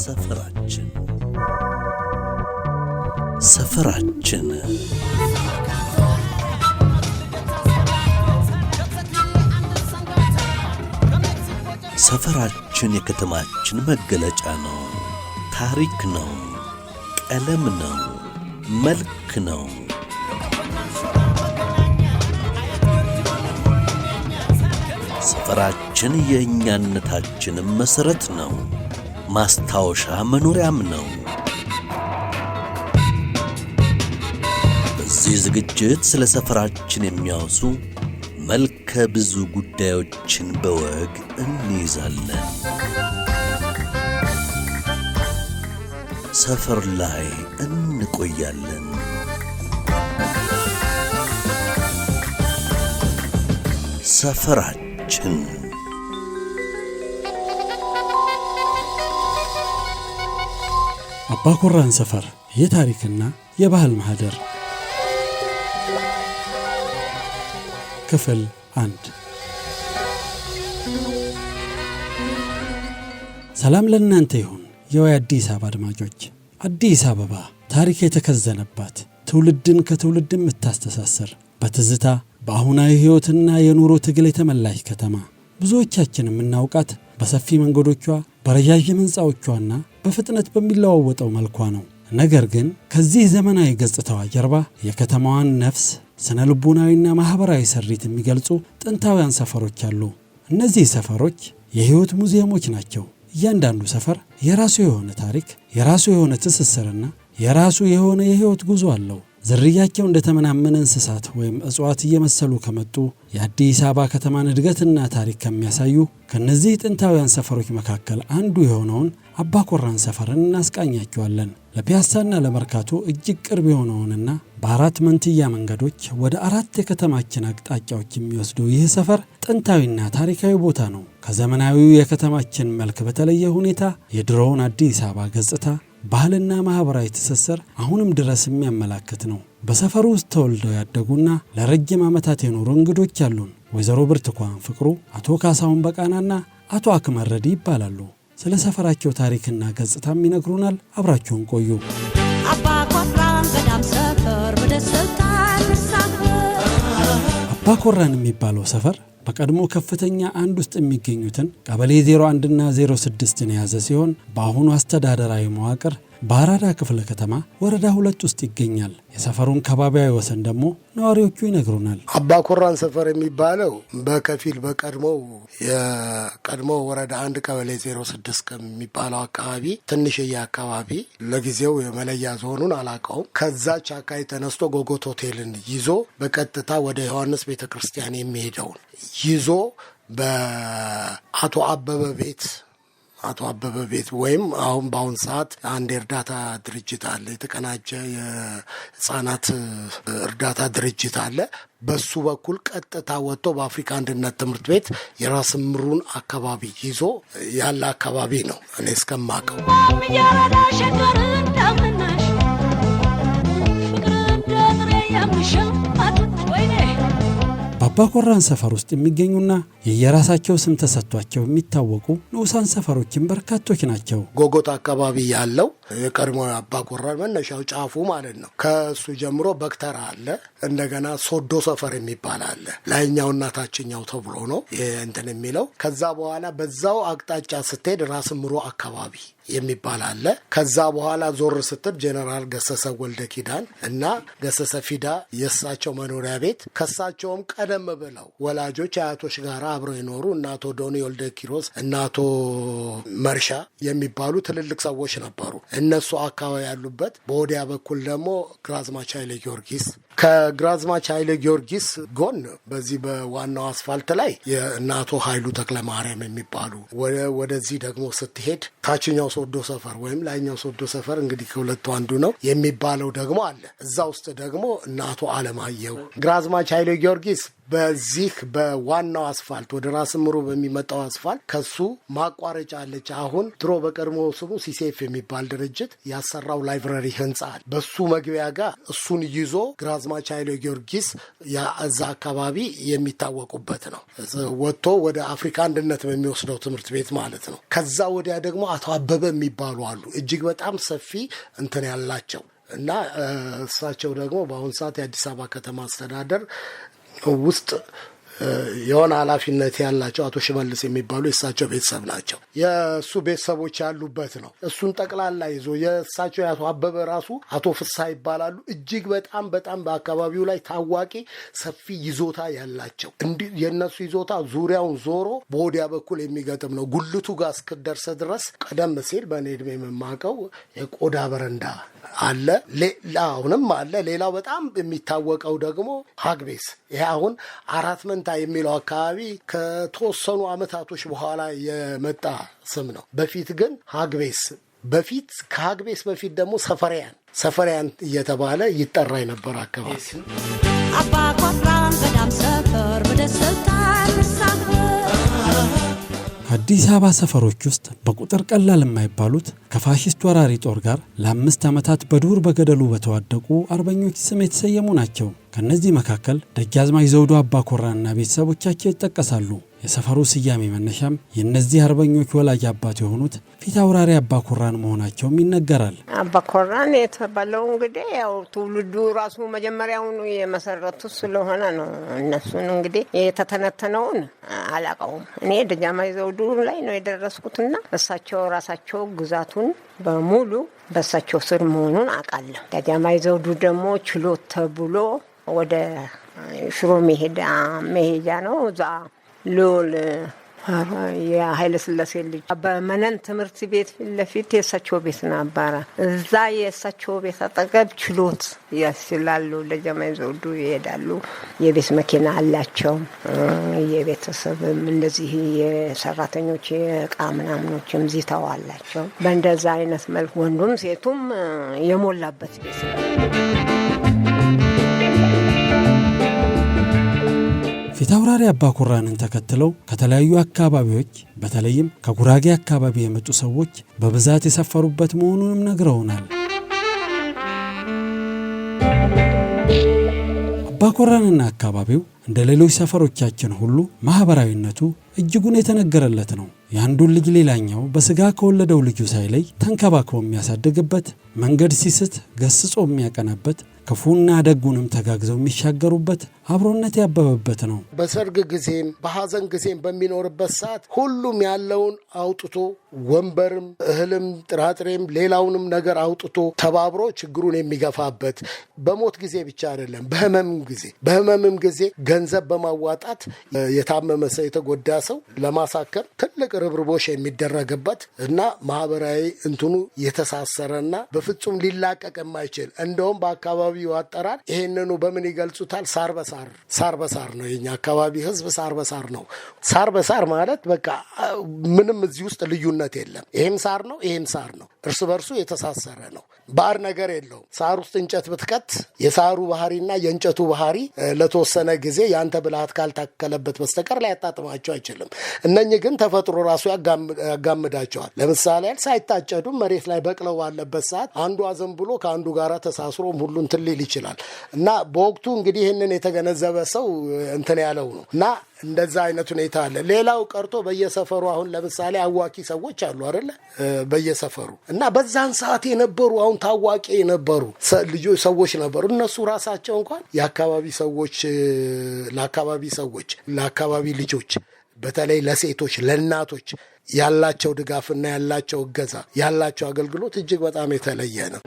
ሰፈራችን ሰፈራችን ሰፈራችን የከተማችን መገለጫ ነው። ታሪክ ነው። ቀለም ነው። መልክ ነው። ሰፈራችን የእኛነታችንም መሠረት ነው። ማስታወሻ መኖሪያም ነው። በዚህ ዝግጅት ስለ ሰፈራችን የሚያወሱ መልከ ብዙ ጉዳዮችን በወግ እንይዛለን። ሰፈር ላይ እንቆያለን። ሰፈራችን ሀገራችን አባ ሰፈር የታሪክና የባህል ማህደር ክፍል አንድ። ሰላም ለእናንተ ይሁን የዋይ አዲስ አበባ አድማጮች። አዲስ አበባ ታሪክ የተከዘነባት ትውልድን ከትውልድ የምታስተሳስር በትዝታ በአሁናዊ ሕይወትና የኑሮ ትግል የተመላሽ ከተማ ብዙዎቻችን የምናውቃት በሰፊ መንገዶቿ በረዣዥም ሕንፃዎቿና በፍጥነት በሚለዋወጠው መልኳ ነው። ነገር ግን ከዚህ ዘመናዊ ገጽታዋ ጀርባ የከተማዋን ነፍስ ስነ ልቡናዊና ማኅበራዊ ስሪት የሚገልጹ ጥንታውያን ሰፈሮች አሉ። እነዚህ ሰፈሮች የሕይወት ሙዚየሞች ናቸው። እያንዳንዱ ሰፈር የራሱ የሆነ ታሪክ፣ የራሱ የሆነ ትስስርና የራሱ የሆነ የሕይወት ጉዞ አለው። ዝርያቸው እንደተመናመነ እንስሳት ወይም እጽዋት እየመሰሉ ከመጡ የአዲስ አበባ ከተማን እድገትና ታሪክ ከሚያሳዩ ከእነዚህ ጥንታውያን ሰፈሮች መካከል አንዱ የሆነውን አባኮራን ሰፈርን እናስቃኛቸዋለን። ለፒያሳና ለመርካቶ እጅግ ቅርብ የሆነውንና በአራት መንትያ መንገዶች ወደ አራት የከተማችን አቅጣጫዎች የሚወስዱ ይህ ሰፈር ጥንታዊና ታሪካዊ ቦታ ነው። ከዘመናዊው የከተማችን መልክ በተለየ ሁኔታ የድሮውን አዲስ አበባ ገጽታ ባህልና ማህበራዊ ትስስር አሁንም ድረስ የሚያመላክት ነው። በሰፈሩ ውስጥ ተወልደው ያደጉና ለረጅም ዓመታት የኖሩ እንግዶች አሉን። ወይዘሮ ብርቱካን ፍቅሩ፣ አቶ ካሳሁን በቃናና አቶ አክመረዲ ይባላሉ። ስለ ሰፈራቸው ታሪክና ገጽታም ይነግሩናል። አብራችሁን ቆዩ። አባኮራን የሚባለው ሰፈር በቀድሞ ከፍተኛ አንድ ውስጥ የሚገኙትን ቀበሌ 01ና 06ን የያዘ ሲሆን በአሁኑ አስተዳደራዊ መዋቅር በአራዳ ክፍለ ከተማ ወረዳ ሁለት ውስጥ ይገኛል። የሰፈሩን ከባቢያዊ ወሰን ደግሞ ነዋሪዎቹ ይነግሩናል። አባኮራን ሰፈር የሚባለው በከፊል በቀድሞው የቀድሞ ወረዳ አንድ ቀበሌ 06 ከሚባለው አካባቢ ትንሽዬ አካባቢ ለጊዜው የመለያ ዞኑን አላውቀውም። ከዛ አካባቢ ተነስቶ ጎጎት ሆቴልን ይዞ በቀጥታ ወደ ዮሐንስ ቤተ ክርስቲያን የሚሄደውን ይዞ በአቶ አበበ ቤት አቶ አበበ ቤት ወይም አሁን በአሁን ሰዓት አንድ የእርዳታ ድርጅት አለ፣ የተቀናጀ የህጻናት እርዳታ ድርጅት አለ። በሱ በኩል ቀጥታ ወጥቶ በአፍሪካ አንድነት ትምህርት ቤት የራስ ምሩን አካባቢ ይዞ ያለ አካባቢ ነው እኔ እስከማቀው አባኮራን ሰፈር ውስጥ የሚገኙና የየራሳቸው ስም ተሰጥቷቸው የሚታወቁ ንዑሳን ሰፈሮችን በርካቶች ናቸው። ጎጎት አካባቢ ያለው የቀድሞ አባኮራን መነሻው ጫፉ ማለት ነው። ከእሱ ጀምሮ በክተራ አለ። እንደገና ሶዶ ሰፈር የሚባል አለ። ላይኛውና ታችኛው ተብሎ ነው እንትን የሚለው። ከዛ በኋላ በዛው አቅጣጫ ስትሄድ ራስ ምሮ አካባቢ የሚባል አለ። ከዛ በኋላ ዞር ስትል ጄኔራል ገሰሰ ወልደ ኪዳን እና ገሰሰ ፊዳ የእሳቸው መኖሪያ ቤት ከሳቸውም ቀደም ብለው ወላጆች አያቶች ጋር አብረው የኖሩ እና አቶ ዶኒ ወልደ ኪሮስ እና አቶ መርሻ የሚባሉ ትልልቅ ሰዎች ነበሩ። እነሱ አካባቢ ያሉበት በወዲያ በኩል ደግሞ ግራዝማች ኃይለ ጊዮርጊስ ከግራዝማች ኃይለ ጊዮርጊስ ጎን በዚህ በዋናው አስፋልት ላይ የእናቶ ኃይሉ ተክለ ተክለማርያም የሚባሉ ወደዚህ ደግሞ ስትሄድ ታችኛው ሶዶ ሰፈር ወይም ላይኛው ሶዶ ሰፈር እንግዲህ ከሁለቱ አንዱ ነው የሚባለው ደግሞ አለ። እዛ ውስጥ ደግሞ እናቱ አለማየሁ ግራዝማች ኃይለ ጊዮርጊስ በዚህ በዋናው አስፋልት ወደ ራስ ምሩ በሚመጣው አስፋልት ከሱ ማቋረጫ አለች። አሁን ድሮ በቀድሞ ስሙ ሲሴፍ የሚባል ድርጅት ያሰራው ላይብረሪ ህንፃ አለ። በሱ መግቢያ ጋር እሱን ይዞ ግራዝማች ኃይለ ጊዮርጊስ እዛ አካባቢ የሚታወቁበት ነው። ወጥቶ ወደ አፍሪካ አንድነት በሚወስደው ትምህርት ቤት ማለት ነው። ከዛ ወዲያ ደግሞ አቶ አበበ የሚባሉ አሉ። እጅግ በጣም ሰፊ እንትን ያላቸው እና እሳቸው ደግሞ በአሁኑ ሰዓት የአዲስ አበባ ከተማ አስተዳደር 我不是这。የሆነ ኃላፊነት ያላቸው አቶ ሽመልስ የሚባሉ የእሳቸው ቤተሰብ ናቸው። የእሱ ቤተሰቦች ያሉበት ነው። እሱን ጠቅላላ ይዞ የእሳቸው የአቶ አበበ ራሱ አቶ ፍስሐ ይባላሉ። እጅግ በጣም በጣም በአካባቢው ላይ ታዋቂ ሰፊ ይዞታ ያላቸው እንዲህ የእነሱ ይዞታ ዙሪያውን ዞሮ በወዲያ በኩል የሚገጥም ነው። ጉልቱ ጋር እስክደርስ ድረስ ቀደም ሲል በእኔ የምማቀው የቆዳ በረንዳ አለ፣ አሁንም አለ። ሌላው በጣም የሚታወቀው ደግሞ ሀግቤስ ይህ አሁን አራት መን ጃንታ የሚለው አካባቢ ከተወሰኑ አመታቶች በኋላ የመጣ ስም ነው። በፊት ግን ሀግቤስ በፊት ከሀግቤስ በፊት ደግሞ ሰፈሪያን ሰፈሪያን እየተባለ ይጠራ የነበረ አካባቢ አባ በዳም ሰፈር ወደ ስልጣን ሳፈር በአዲስ አበባ ሰፈሮች ውስጥ በቁጥር ቀላል የማይባሉት ከፋሽስት ወራሪ ጦር ጋር ለአምስት ዓመታት በዱር በገደሉ በተዋደቁ አርበኞች ስም የተሰየሙ ናቸው። ከእነዚህ መካከል ደጃዝማች ዘውዱ አባኮራና ቤተሰቦቻቸው ይጠቀሳሉ። የሰፈሩ ስያሜ መነሻም የእነዚህ አርበኞች ወላጅ አባት የሆኑት ፊት አውራሪ አባኮራን መሆናቸውም ይነገራል። አባኮራን የተባለው እንግዲህ ያው ትውልዱ ራሱ መጀመሪያውኑ የመሰረቱ ስለሆነ ነው። እነሱን እንግዲህ የተተነተነውን አላቀውም። እኔ ደጃማ ዘውዱ ላይ ነው የደረስኩትና እሳቸው ራሳቸው ግዛቱን በሙሉ በእሳቸው ስር መሆኑን አውቃለሁ። ደጃማዊ ዘውዱ ደግሞ ችሎት ተብሎ ወደ ሽሮ መሄጃ ነው እዛ ልዑል የኃይለስላሴ ልጅ በመነን ትምህርት ቤት ፊት ለፊት የእሳቸው ቤት ነበረ። እዛ የእሳቸው ቤት አጠገብ ችሎት ያስችላሉ። ለጀማይ ዘውዱ ይሄዳሉ። የቤት መኪና አላቸው። የቤተሰብም እንደዚህ የሰራተኞች የእቃ ምናምኖችም ዚተው አላቸው። በእንደዛ አይነት መልክ ወንዱም ሴቱም የሞላበት ቤት ነው። ፊታውራሪ አባኮራንን ተከትለው ከተለያዩ አካባቢዎች በተለይም ከጉራጌ አካባቢ የመጡ ሰዎች በብዛት የሰፈሩበት መሆኑንም ነግረውናል። አባኮራንና አካባቢው እንደ ሌሎች ሰፈሮቻችን ሁሉ ማኅበራዊነቱ እጅጉን የተነገረለት ነው። የአንዱን ልጅ ሌላኛው በስጋ ከወለደው ልጁ ሳይለይ ተንከባክቦ የሚያሳድግበት፣ መንገድ ሲስት ገስጾ የሚያቀናበት፣ ክፉና ደጉንም ተጋግዘው የሚሻገሩበት አብሮነት ያበበበት ነው። በሰርግ ጊዜም በሐዘን ጊዜም በሚኖርበት ሰዓት ሁሉም ያለውን አውጥቶ ወንበርም፣ እህልም፣ ጥራጥሬም ሌላውንም ነገር አውጥቶ ተባብሮ ችግሩን የሚገፋበት በሞት ጊዜ ብቻ አይደለም፣ በህመምም ጊዜ በህመምም ጊዜ ገንዘብ በማዋጣት የታመመ ሰው የተጎዳ ሰው ለማሳከም ትልቅ ቅርብርቦሽ የሚደረግበት እና ማህበራዊ እንትኑ የተሳሰረና በፍጹም ሊላቀቅ የማይችል እንደውም በአካባቢው አጠራር ይሄንኑ በምን ይገልጹታል? ሳር በሳር ሳር በሳር ነው የኛ አካባቢ ህዝብ ሳር በሳር ነው። ሳር በሳር ማለት በቃ ምንም እዚህ ውስጥ ልዩነት የለም። ይህም ሳር ነው፣ ይህም ሳር ነው። እርስ በርሱ የተሳሰረ ነው። ባር ነገር የለውም። ሳር ውስጥ እንጨት ብትከት የሳሩ ባህሪና የእንጨቱ ባህሪ ለተወሰነ ጊዜ ያንተ ብልሃት ካልታከለበት በስተቀር ሊያጣጥማቸው አይችልም። እነኚህ ግን ተፈጥሮ ራሱ ያጋምዳቸዋል። ለምሳሌ ያህል ሳይታጨዱም መሬት ላይ በቅለው ባለበት ሰዓት አንዱ አዘን ብሎ ከአንዱ ጋር ተሳስሮም ሁሉን ትልል ይችላል እና በወቅቱ እንግዲህ ይህንን የተገነዘበ ሰው እንትን ያለው ነው እና እንደዛ አይነት ሁኔታ አለ። ሌላው ቀርቶ በየሰፈሩ አሁን ለምሳሌ አዋቂ ሰዎች አሉ አይደለ? በየሰፈሩ እና በዛን ሰዓት የነበሩ አሁን ታዋቂ የነበሩ ልጆች ሰዎች ነበሩ። እነሱ ራሳቸው እንኳን የአካባቢ ሰዎች ለአካባቢ ሰዎች ለአካባቢ ልጆች በተለይ ለሴቶች ለእናቶች ያላቸው ድጋፍና ያላቸው እገዛ ያላቸው አገልግሎት እጅግ በጣም የተለየ ነው።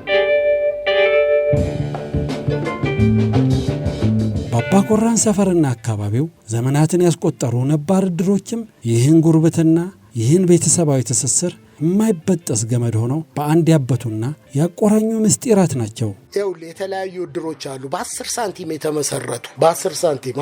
የአባኮራን ሰፈርና አካባቢው ዘመናትን ያስቆጠሩ ነባር እድሮችም ይህን ጉርብትና ይህን ቤተሰባዊ ትስስር የማይበጠስ ገመድ ሆነው በአንድ ያበቱና ያቆራኙ ምስጢራት ናቸው። ይኸውልህ የተለያዩ እድሮች አሉ። በአስር ሳንቲም የተመሰረቱ በአስር ሳንቲም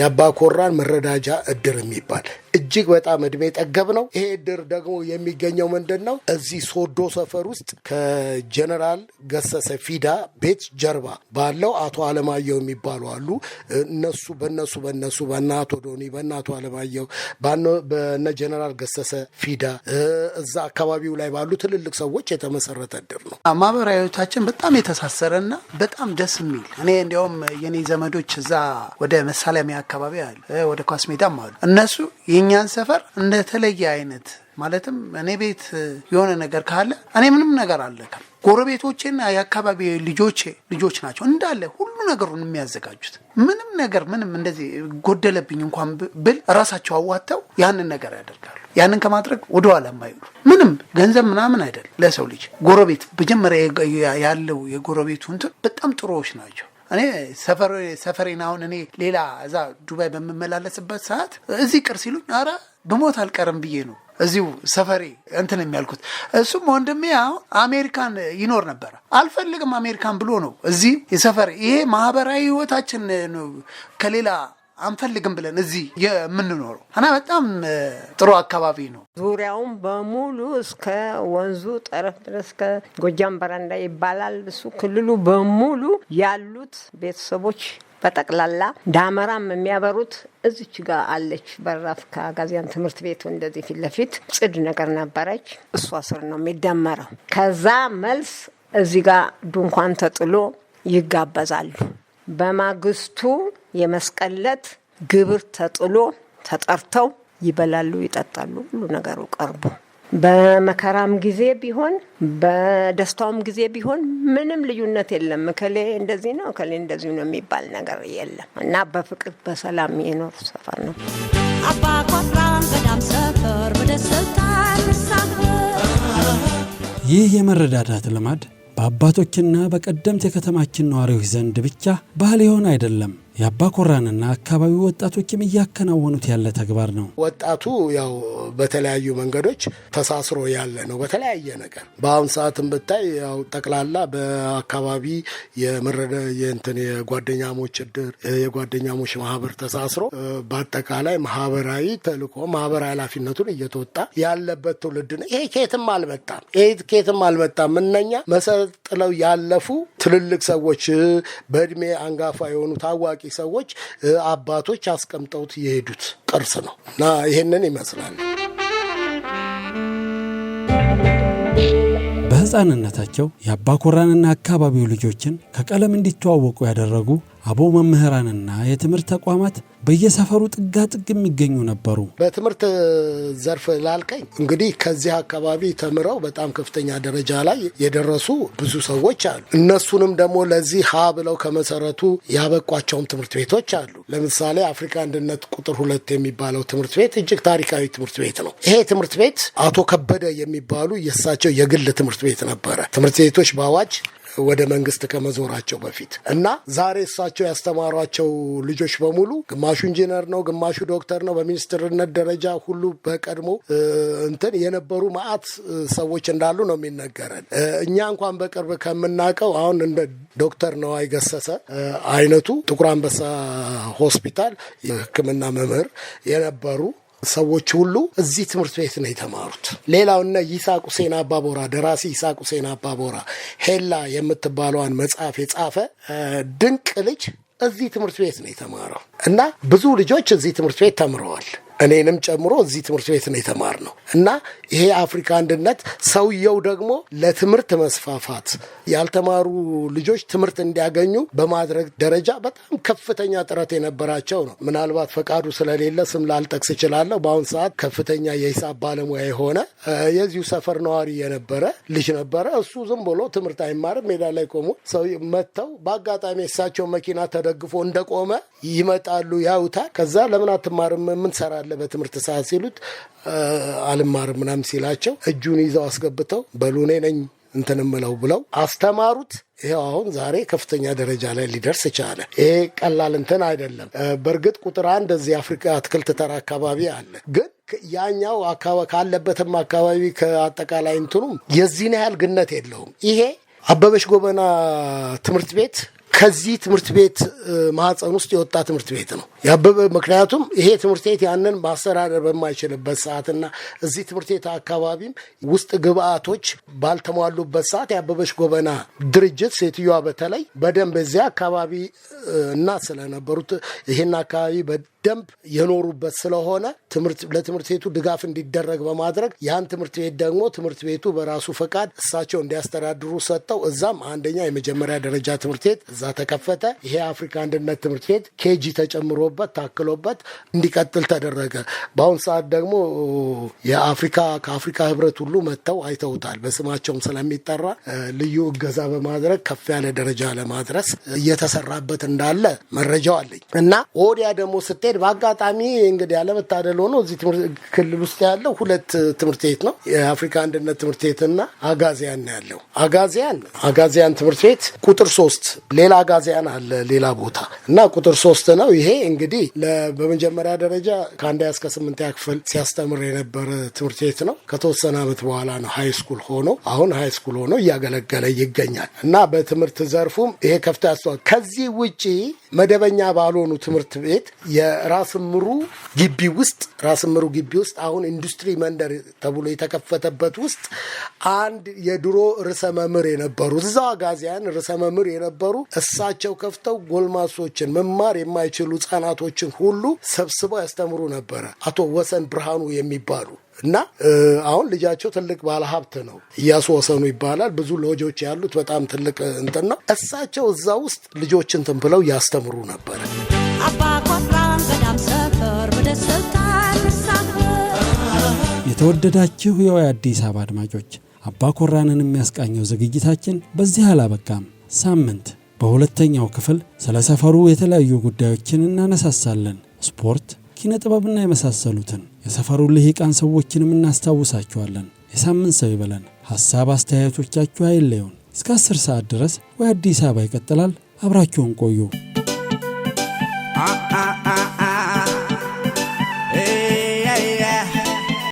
የአባኮራን መረዳጃ እድር የሚባል እጅግ በጣም እድሜ ጠገብ ነው። ይሄ ድር ደግሞ የሚገኘው ምንድን ነው? እዚህ ሶዶ ሰፈር ውስጥ ከጀነራል ገሰሰ ፊዳ ቤት ጀርባ ባለው አቶ አለማየሁ የሚባሉ አሉ። እነሱ በነሱ በነሱ በነ አቶ ዶኒ በነ አቶ አለማየሁ በነ ጀነራል ገሰሰ ፊዳ እዛ አካባቢው ላይ ባሉ ትልልቅ ሰዎች የተመሰረተ ድር ነው። ማህበራዊ ህይወታችን በጣም የተሳሰረ እና በጣም ደስ የሚል እኔ እንዲያውም የኔ ዘመዶች እዛ ወደ መሳለሚያ አካባቢ አሉ፣ ወደ ኳስ ሜዳም አሉ እነሱ የእኛን ሰፈር እንደተለየ አይነት ማለትም እኔ ቤት የሆነ ነገር ካለ እኔ ምንም ነገር አለከም ጎረቤቶቼና የአካባቢ ልጆቼ ልጆች ናቸው እንዳለ ሁሉ ነገሩን የሚያዘጋጁት። ምንም ነገር ምንም እንደዚህ ጎደለብኝ እንኳን ብል ራሳቸው አዋተው ያንን ነገር ያደርጋሉ። ያንን ከማድረግ ወደኋላ የማይሉ ምንም ገንዘብ ምናምን አይደለም። ለሰው ልጅ ጎረቤት መጀመሪያ ያለው የጎረቤቱ እንትን በጣም ጥሩዎች ናቸው። እኔ ሰፈሬን አሁን እኔ ሌላ እዛ ዱባይ በምመላለስበት ሰዓት እዚህ ቅር ሲሉኝ አረ ብሞት አልቀርም ብዬ ነው እዚሁ ሰፈሬ እንትን የሚያልኩት። እሱም ወንድሜ አሁን አሜሪካን ይኖር ነበረ። አልፈልግም አሜሪካን ብሎ ነው እዚህ የሰፈሬ ይሄ ማህበራዊ ህይወታችን ከሌላ አንፈልግም ብለን እዚህ የምንኖረው እና በጣም ጥሩ አካባቢ ነው። ዙሪያውን በሙሉ እስከ ወንዙ ጠረፍ ድረስ ከጎጃም በረንዳ ይባላል እሱ ክልሉ በሙሉ ያሉት ቤተሰቦች በጠቅላላ ዳመራም የሚያበሩት እዚች ጋር አለች። በራፍ ከአጋዚያን ትምህርት ቤቱ እንደዚህ ፊት ለፊት ጽድ ነገር ነበረች። እሷ ስር ነው የሚደመረው። ከዛ መልስ እዚህ ጋር ድንኳን ተጥሎ ይጋበዛሉ። በማግስቱ የመስቀል ዕለት ግብር ተጥሎ ተጠርተው ይበላሉ፣ ይጠጣሉ። ሁሉ ነገሩ ቀርቦ በመከራም ጊዜ ቢሆን በደስታውም ጊዜ ቢሆን ምንም ልዩነት የለም። እከሌ እንደዚህ ነው፣ እከሌ እንደዚህ ነው የሚባል ነገር የለም እና በፍቅር በሰላም የኖር ሰፈር ነው። ይህ የመረዳዳት ልማድ በአባቶችና በቀደምት የከተማችን ነዋሪዎች ዘንድ ብቻ ባህል የሆነ አይደለም የአባ ኮራንና አካባቢው ወጣቶችም እያከናወኑት ያለ ተግባር ነው። ወጣቱ ያው በተለያዩ መንገዶች ተሳስሮ ያለ ነው። በተለያየ ነገር በአሁን ሰዓትም ብታይ ያው ጠቅላላ በአካባቢ የመረደ የእንትን የጓደኛሞች እድር፣ የጓደኛሞች ማህበር ተሳስሮ በአጠቃላይ ማህበራዊ ተልዕኮ ማህበራዊ ኃላፊነቱን እየተወጣ ያለበት ትውልድ ነው። ይሄ ኬትም አልመጣም። ይሄ ኬትም አልመጣም። እነኛ መሰረት ጥለው ያለፉ ትልልቅ ሰዎች በእድሜ አንጋፋ የሆኑ ታዋቂ ታዋቂ ሰዎች አባቶች አስቀምጠውት የሄዱት ቅርስ ነው እና ይሄንን ይመስላል። በሕፃንነታቸው የአባኮራንና አካባቢው ልጆችን ከቀለም እንዲተዋወቁ ያደረጉ አበው መምህራንና የትምህርት ተቋማት በየሰፈሩ ጥጋ ጥግ የሚገኙ ነበሩ። በትምህርት ዘርፍ ላልቀኝ እንግዲህ ከዚህ አካባቢ ተምረው በጣም ከፍተኛ ደረጃ ላይ የደረሱ ብዙ ሰዎች አሉ። እነሱንም ደግሞ ለዚህ ሀ ብለው ከመሰረቱ ያበቋቸውም ትምህርት ቤቶች አሉ። ለምሳሌ አፍሪካ አንድነት ቁጥር ሁለት የሚባለው ትምህርት ቤት እጅግ ታሪካዊ ትምህርት ቤት ነው። ይሄ ትምህርት ቤት አቶ ከበደ የሚባሉ የእሳቸው የግል ትምህርት ቤት ነበረ። ትምህርት ቤቶች በአዋጅ ወደ መንግስት ከመዞራቸው በፊት እና ዛሬ እሳቸው ያስተማሯቸው ልጆች በሙሉ ግማሹ ኢንጂነር ነው፣ ግማሹ ዶክተር ነው። በሚኒስትርነት ደረጃ ሁሉ በቀድሞ እንትን የነበሩ ማአት ሰዎች እንዳሉ ነው የሚነገረን። እኛ እንኳን በቅርብ ከምናውቀው አሁን እንደ ዶክተር ነው አይገሰሰ አይነቱ ጥቁር አንበሳ ሆስፒታል የህክምና መምህር የነበሩ ሰዎች ሁሉ እዚህ ትምህርት ቤት ነው የተማሩት። ሌላው እነ ይሳቅ ሁሴን አባቦራ ደራሲ ይሳቅ ሁሴን አባቦራ ሄላ የምትባለዋን መጽሐፍ የጻፈ ድንቅ ልጅ እዚህ ትምህርት ቤት ነው የተማረው እና ብዙ ልጆች እዚህ ትምህርት ቤት ተምረዋል። እኔንም ጨምሮ እዚህ ትምህርት ቤት ነው የተማር ነው እና ይሄ አፍሪካ አንድነት ሰውየው ደግሞ ለትምህርት መስፋፋት ያልተማሩ ልጆች ትምህርት እንዲያገኙ በማድረግ ደረጃ በጣም ከፍተኛ ጥረት የነበራቸው ነው። ምናልባት ፈቃዱ ስለሌለ ስም ላልጠቅስ እችላለሁ። በአሁን ሰዓት ከፍተኛ የሂሳብ ባለሙያ የሆነ የዚሁ ሰፈር ነዋሪ የነበረ ልጅ ነበረ። እሱ ዝም ብሎ ትምህርት አይማርም። ሜዳ ላይ ቆሞ ሰው መጥተው በአጋጣሚ የሳቸው መኪና ተደግፎ እንደቆመ ይመጣሉ፣ ያውታ። ከዛ ለምን አትማርም? ምን ትሰራለህ አለ በትምህርት ሰዓት ሲሉት አልማር ምናም ሲላቸው እጁን ይዘው አስገብተው በሉኔ ነኝ እንትንምለው ብለው አስተማሩት። ይኸው አሁን ዛሬ ከፍተኛ ደረጃ ላይ ሊደርስ ይቻለ። ይሄ ቀላል እንትን አይደለም። በእርግጥ ቁጥር አንድ እዚህ አፍሪካ አትክልት ተራ አካባቢ አለ ግን ያኛው ካለበትም አካባቢ ከአጠቃላይ እንትኑም የዚህን ያህል ግነት የለውም። ይሄ አበበች ጎበና ትምህርት ቤት ከዚህ ትምህርት ቤት ማህፀን ውስጥ የወጣ ትምህርት ቤት ነው ያበበ። ምክንያቱም ይሄ ትምህርት ቤት ያንን ማስተዳደር በማይችልበት ሰዓትና እዚህ ትምህርት ቤት አካባቢም ውስጥ ግብአቶች ባልተሟሉበት ሰዓት ያበበች ጎበና ድርጅት ሴትዮዋ በተለይ በደንብ እዚያ አካባቢ እና ስለነበሩት ይሄን አካባቢ በደንብ የኖሩበት ስለሆነ ለትምህርት ቤቱ ድጋፍ እንዲደረግ በማድረግ ያን ትምህርት ቤት ደግሞ ትምህርት ቤቱ በራሱ ፈቃድ እሳቸው እንዲያስተዳድሩ ሰጥተው እዛም አንደኛ የመጀመሪያ ደረጃ ትምህርት ቤት ተከፈተ። ይሄ አፍሪካ አንድነት ትምህርት ቤት ኬጂ ተጨምሮበት ታክሎበት እንዲቀጥል ተደረገ። በአሁን ሰዓት ደግሞ የአፍሪካ ከአፍሪካ ህብረት ሁሉ መጥተው አይተውታል። በስማቸውም ስለሚጠራ ልዩ እገዛ በማድረግ ከፍ ያለ ደረጃ ለማድረስ እየተሰራበት እንዳለ መረጃው አለኝ እና ወዲያ ደግሞ ስትሄድ በአጋጣሚ እንግዲህ ያለመታደል ሆኖ እዚህ ክልል ውስጥ ያለው ሁለት ትምህርት ቤት ነው። የአፍሪካ አንድነት ትምህርት ቤትና አጋዚያን ያለው አጋዚያን አጋዚያን ትምህርት ቤት ቁጥር ሶስት ሌላ ሌላ ጋዜያን አለ ሌላ ቦታ እና ቁጥር ሶስት ነው። ይሄ እንግዲህ በመጀመሪያ ደረጃ ከአንደኛ እስከ ስምንት ክፍል ሲያስተምር የነበረ ትምህርት ቤት ነው። ከተወሰነ ዓመት በኋላ ነው ሀይ ስኩል ሆኖ አሁን ሀይ ስኩል ሆኖ እያገለገለ ይገኛል እና በትምህርት ዘርፉም ይሄ ከፍታ ያስተዋል። ከዚህ ውጪ መደበኛ ባልሆኑ ትምህርት ቤት የራስምሩ ግቢ ውስጥ ራስምሩ ግቢ ውስጥ አሁን ኢንዱስትሪ መንደር ተብሎ የተከፈተበት ውስጥ አንድ የድሮ ርዕሰ መምህር የነበሩ እዛ ጋዜያን ርዕሰ መምህር የነበሩ እሳቸው ከፍተው ጎልማሶችን መማር የማይችሉ ህጻናቶችን ሁሉ ሰብስበው ያስተምሩ ነበረ። አቶ ወሰን ብርሃኑ የሚባሉ እና አሁን ልጃቸው ትልቅ ባለሀብት ነው። እያሱ ወሰኑ ይባላል። ብዙ ሎጆች ያሉት በጣም ትልቅ እንትን ነው። እሳቸው እዛ ውስጥ ልጆችን እንትን ብለው ያስተምሩ ነበረ። የተወደዳችሁ የዋይ አዲስ አበባ አድማጮች አባ ኮራንን የሚያስቃኘው ዝግጅታችን በዚህ አላበቃም። ሳምንት በሁለተኛው ክፍል ስለ ሰፈሩ የተለያዩ ጉዳዮችን እናነሳሳለን። ስፖርት፣ ኪነ ጥበብና የመሳሰሉትን የሰፈሩ ልሂቃን ሰዎችንም እናስታውሳችኋለን። የሳምንት ሰው ይበለን። ሐሳብ አስተያየቶቻችሁ አይለዩን። እስከ 10 ሰዓት ድረስ ወይ አዲስ አበባ ይቀጥላል። አብራችሁን ቆዩ።